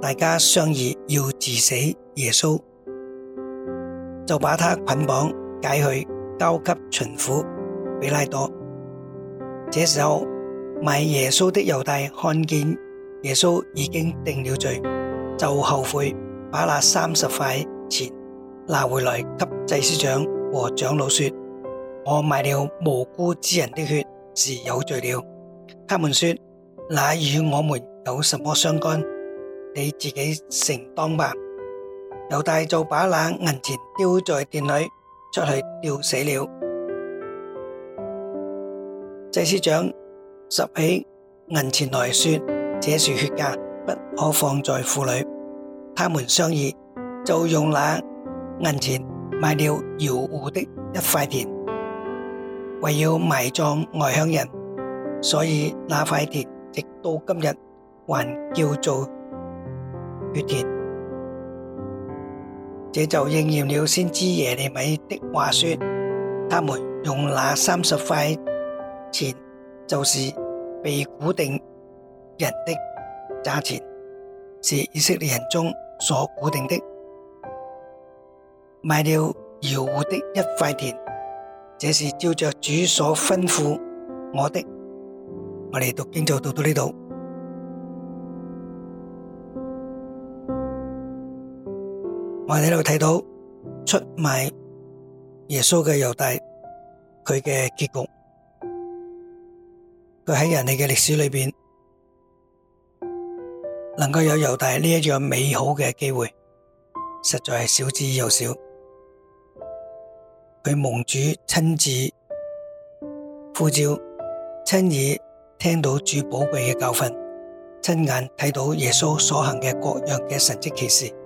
大家商議要治死耶穌，就把他捆綁解去，交給巡撫比拉多。這時候賣耶穌的猶大看見耶穌已經定了罪，就後悔，把那三十塊錢拿回來給祭司長和長老說：我賣了無辜之人的血是有罪了。他們說：那與我們有什麼相干？你自己承當吧，猶大就把那銀錢丟在店裏，出去弔死了。祭司長拾起銀錢來說：這是血價，不可放在庫裏。他們商議，就用那銀錢買了窯戶的一塊田，為要埋葬外鄉人，所以那塊田直到今日還叫做。這就應驗了先知耶利米的話說，他們用那三十塊錢，就是被估定人的價錢，是以色列人中所估定的，買了窯戶的一塊田，這是照着主所吩咐我的。我哋讀經就讀到呢度。我哋喺度睇到出賣耶穌嘅猶大，佢嘅結局，佢喺人類嘅歷史裏邊，能夠有猶大呢一樣美好嘅機會，實在係少之又少。佢蒙主親自呼召，親耳聽到主寶貴嘅教訓，親眼睇到耶穌所行嘅各樣嘅神跡奇事。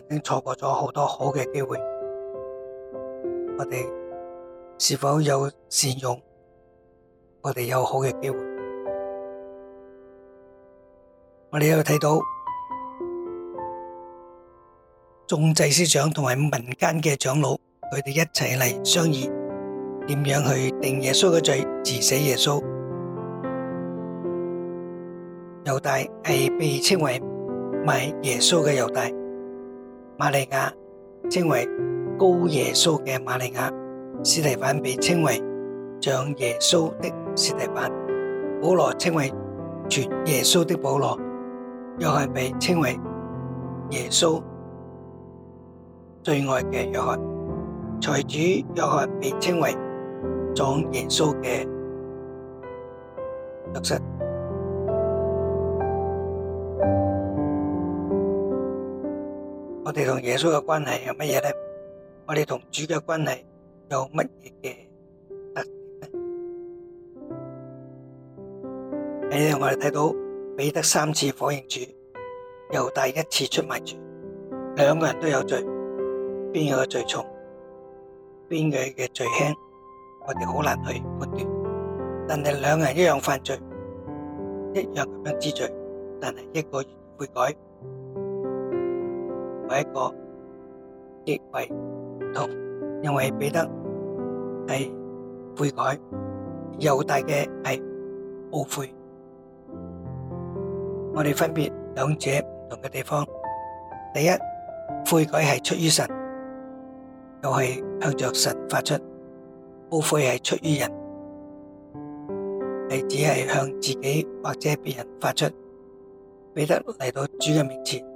曾經錯過咗好多好嘅機會，我哋是否有善用？我哋有好嘅機會，我哋又睇到眾祭司長同埋民間嘅長老，佢哋一齊嚟商議點樣去定耶穌嘅罪，治死耶穌。猶大係被稱為賣耶穌嘅猶大。瑪利亞稱為高耶穌嘅瑪利亞，斯提凡被稱為長耶穌的斯提凡，保羅稱為絕耶穌的保羅，約翰被稱為耶穌最愛嘅約翰，財主約翰被稱為長耶穌嘅約瑟。我哋同耶穌嘅關係有乜嘢咧？我哋同主嘅關係有乜嘢嘅特點咧？喺呢度我哋睇到彼得三次否認主，又第一次出賣主，兩個人都有罪，邊個罪重，邊個嘅罪輕，我哋好難去判斷。但係兩個人一樣犯罪，一樣咁樣知罪，但係一個悔改。唯一個極為唔同，因為彼得係悔改，猶大嘅係懊悔。我哋分別兩者唔同嘅地方。第一，悔改係出於神，又係向着神發出；懊悔係出於人，係只係向自己或者別人發出。彼得嚟到主嘅面前。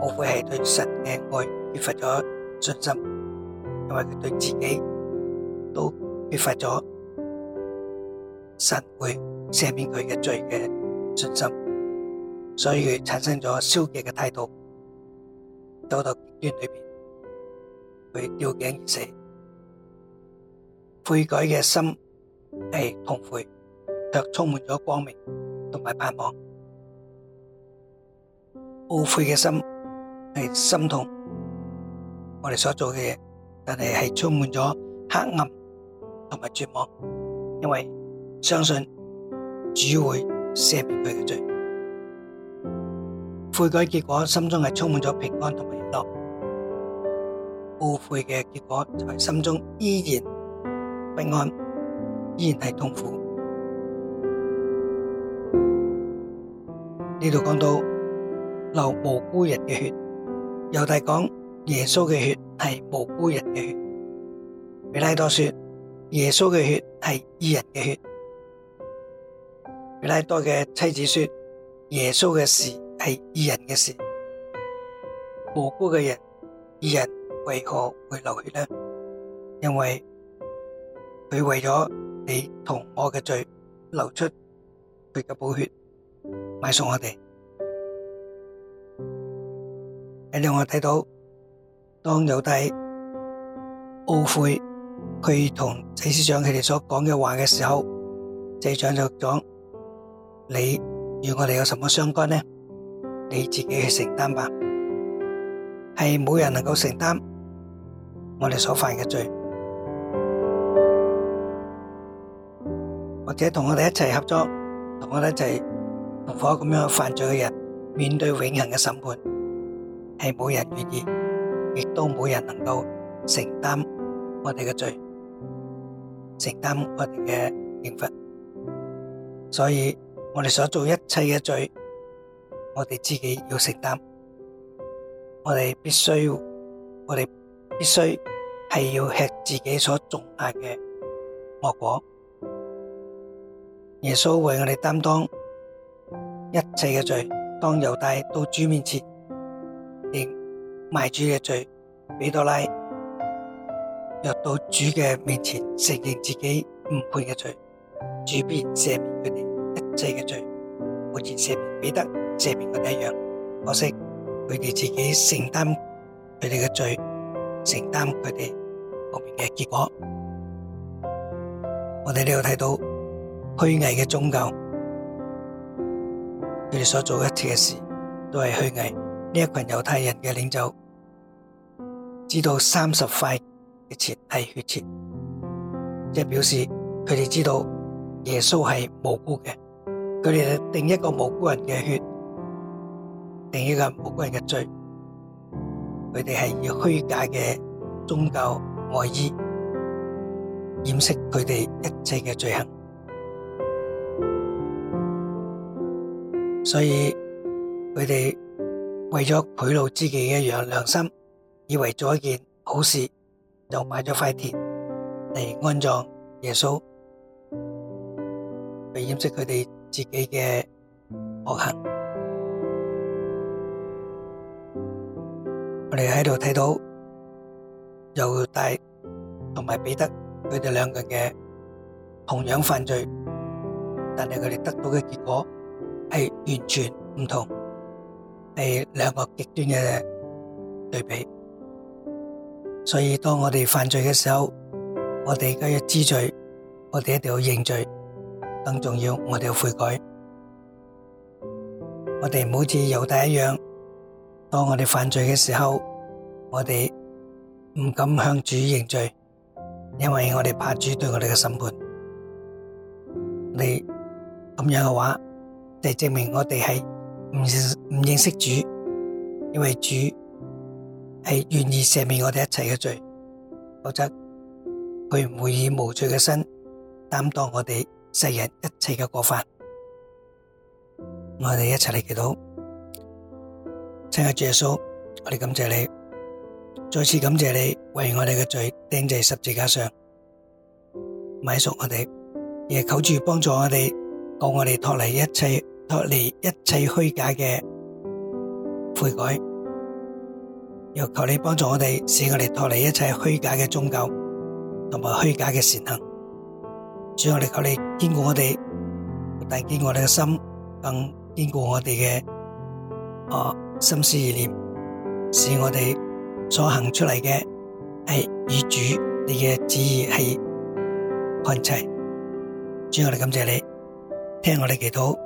懊悔係對神嘅愛缺乏咗信心，因為佢對自己都缺乏咗神會赦免佢嘅罪嘅信心，所以佢產生咗消極嘅態度，走到極端裏面，佢吊頸而死。悔改嘅心係痛悔，卻充滿咗光明同埋盼望。懊悔嘅心。係心痛，我哋所做嘅嘢，但係係充滿咗黑暗同埋絕望，因為相信主會赦免佢嘅罪。悔改結果，心中係充滿咗平安同埋樂。懊悔嘅結果，就係心中依然不安，依然係痛苦。呢度講到流無辜人嘅血。猶大講耶穌嘅血係無辜人嘅血。彼拉多說耶穌嘅血係異人嘅血。彼拉多嘅妻子說耶穌嘅事係異人嘅事。無辜嘅人，異人為何會流血呢？因為佢為咗你同我嘅罪流出佢嘅寶血，買贖我哋。令我睇到，當猶大懊悔佢同祭司長佢哋所講嘅話嘅時候，祭司長就講：你與我哋有什麼相干呢？你自己去承擔吧。係冇人能夠承擔我哋所犯嘅罪，或者同我哋一齊合作，同我哋一齊同伙咁樣犯罪嘅人，面對永恒嘅審判。係冇人願意，亦都冇人能夠承擔我哋嘅罪，承擔我哋嘅刑罰。所以我哋所做一切嘅罪，我哋自己要承擔。我哋必須，我哋必須係要吃自己所種下嘅惡果。耶穌為我哋擔當一切嘅罪，當猶大到主面前。賣主嘅罪，彼拉多入到主嘅面前承認自己唔配嘅罪，主便赦免佢哋一切嘅罪，好似赦免彼得赦免佢哋一樣。可惜佢哋自己承擔佢哋嘅罪，承擔佢哋後面嘅結果。我哋呢度睇到虛偽嘅宗教，佢哋所做一切嘅事都係虛偽。呢一群猶太人嘅領袖知道三十塊嘅錢係血錢，即係表示佢哋知道耶穌係無辜嘅。佢哋係定一個無辜人嘅血，定一個無辜人嘅罪。佢哋係以虛假嘅宗教外衣掩飾佢哋一切嘅罪行，所以佢哋。為咗賄賂自己嘅良良心，以為做一件好事，又買咗塊田嚟，安葬耶穌，嚟掩飾佢哋自己嘅惡行。我哋喺度睇到，猶大同埋彼得佢哋兩個人嘅同樣犯罪，但係佢哋得到嘅結果係完全唔同。係兩個極端嘅對比，所以當我哋犯罪嘅時候，我哋而家要知罪，我哋一定要認罪，更重要我哋要悔改。我哋唔好似猶大一樣，當我哋犯罪嘅時候，我哋唔敢向主認罪，因為我哋怕主對我哋嘅審判。你咁樣嘅話，就證明我哋係。唔唔認識主，因為主係願意赦免我哋一切嘅罪，否則佢唔會以無罪嘅身擔當我哋世人一切嘅過犯。我哋一齊嚟祈禱，親愛嘅主耶穌，我哋感謝你，再次感謝你為我哋嘅罪釘在十字架上，埋屬我哋，也求主幫助我哋，將我哋脫離一切。脫離一切虛假嘅悔改，又求你幫助我哋，使我哋脫離一切虛假嘅宗教同埋虛假嘅善行。主，我哋求你堅固我哋，但堅固我哋嘅心，更堅固我哋嘅哦心思意念，使我哋所行出嚟嘅係與主你嘅旨意係合齊。主，我哋感謝你，聽我哋祈禱。